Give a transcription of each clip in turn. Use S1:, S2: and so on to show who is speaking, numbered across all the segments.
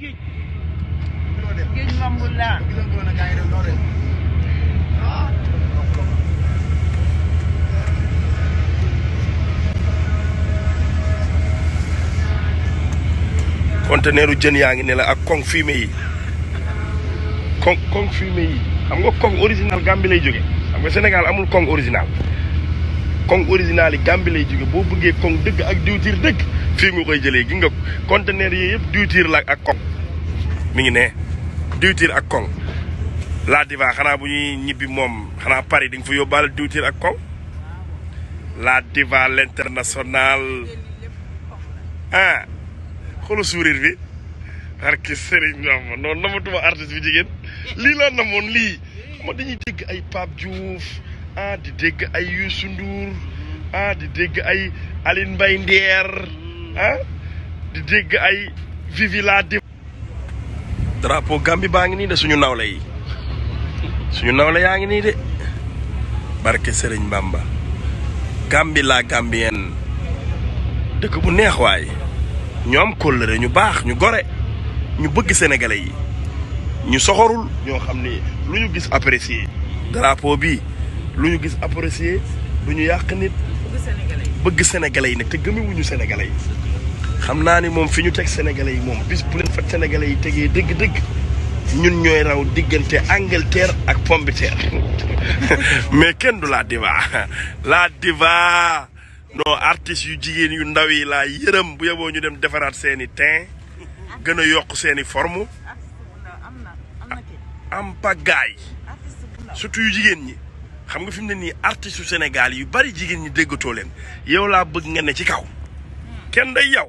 S1: géej jën yaa ngi ne la ak kong fumier yi kong kong fumier yi xam nga kong original Gambie lay jóge xam nga Sénégal amul kong original kong original yi Gambie lay jóge boo bëggee kong dëgg ak diwtiir dëgg fii nga koy jëlee gi nga conteneur yi yëpp diwtiir la ak kong mi ngi ne diwtiir ak koŋ laa diva xanaa bu ñuy ñibbi moom xanaa Paris di nga fa yóbbaale diwtiir ak koŋ laa diva l'international ah xoolu bi barke Serigne Bamba noonu namatuma bi jigéen lii laa namoon lii ma dañuy dégg ay Pape Diouf ah, di dégg ay Youssou ah, di dégg ay Aline Mbaye Nder ah, di dégg ay Vivi drapo gambi baa ngi nii de suñu nawle yi suñu nawle yaa ngi nii de barke Sëriñ Bamba Gambie laa Gambienne dëkk bu neex waay ñoom am kóllëre ñu baax ñu gore ñu bëgg sénégalais yi ñu soxorul ñoo xam ni lu ñu gis apprécié drapeau bi lu ñu gis apprécié du ñu yàq nit bëgg senegale yi nag te gëmewuñu sénégalais yi xam naa ni moom fi ñu teg sénégalais yi moom bis bu leen fa sénégalais yi tegee dëgg-dëgg ñun ñooy raw diggante Angleterre ak pomme terre mais kenn du la diva la diva non artistes yu jigéen yu ndaw yi laa yërëm bu yeboo ñu dem defaraat seeni teint gën a yokk seeni formu am pagaay surtout yu jigéen ñi xam nga fi ne nii artistes yu Sénégal yu bari jigéen ñi déggatoo leen yow laa bëgg nga ne ci kaw kenn day yow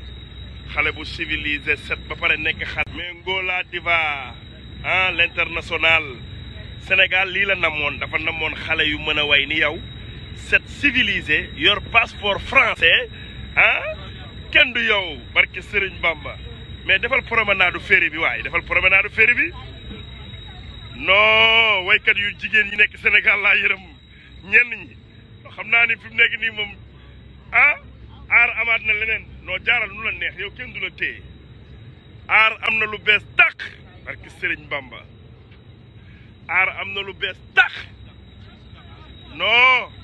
S1: xale bu civilisé set ba pare nekk xale. mais Ngoola Diva ah l'international Sénégal lii la namoon dafa namoon xale yu mën a way ni yow set civilisé yor passeport français ah kenn du yow barke Serigne Bamba mais defal promenade ferry bi waaye defal promenade féri bi non waykat yu jigéen ñi nekk Sénégal laa yërëm ñenn ñi xam naa ni fi mu nekk nii moom ah. aar amaat na leneen noo jaaral nu la neex yow kenn du la téye aar am na lu bees tàq barki sëriñ bàmba aar am na lu bees tàq non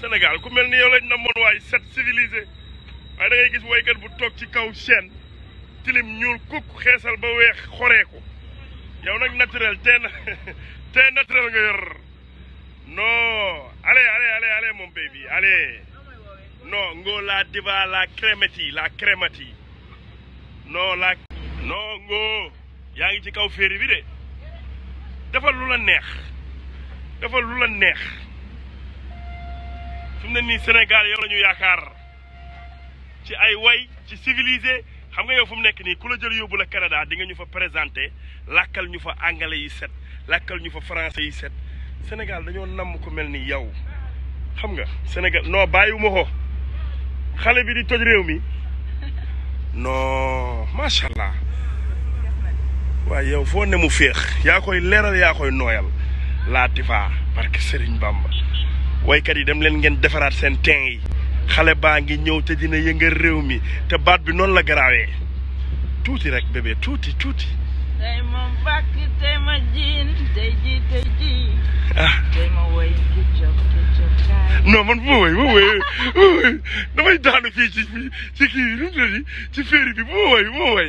S1: Sénégal ku mel ni yow lañ namoon waay set civilisé waaye da ngay gis woykat bu toog ci kaw chaîne tilim ñuul kukk xeesal ba weex xoreeku yow nag naturel tee tee naturel nga yor non allez allez allez allez mon baby allez non Ngô la diva la crémati la crémati non la non Ngô yaa ngi ci kaw féeri bi de dafa lu la neex dafa lu la neex su mu ni nii Sénégal yow la ñu yaakaar ci ay way ci civilisé xam nga yow fu mu nekk nii ku la jël yóbbu la Canada di nga ñu fa présenté làkkal ñu fa anglais yi set làkkal ñu fa français yi set Sénégal dañoo namm ko mel ni yow xam nga Sénégal non bàyyiwuma ko xale bi di toj réew mi non macha allah waaye yow foo ne mu féex yaa koy leeral yaa koy nooyal laatifa parce que Serigne Bamba woykat yi dem leen ngeen defaraat seen teen yi xale baa ngi ñëw te dina yëngal réew mi te baat bi noonu la garaawee tuuti rek bébé tuuti tuuti. tey moom bàkk tey ma jiin tey ji tey ji. Ah. non man bu ma woy bu ma woy damay kii nu mu tuddati ci féeri bi bu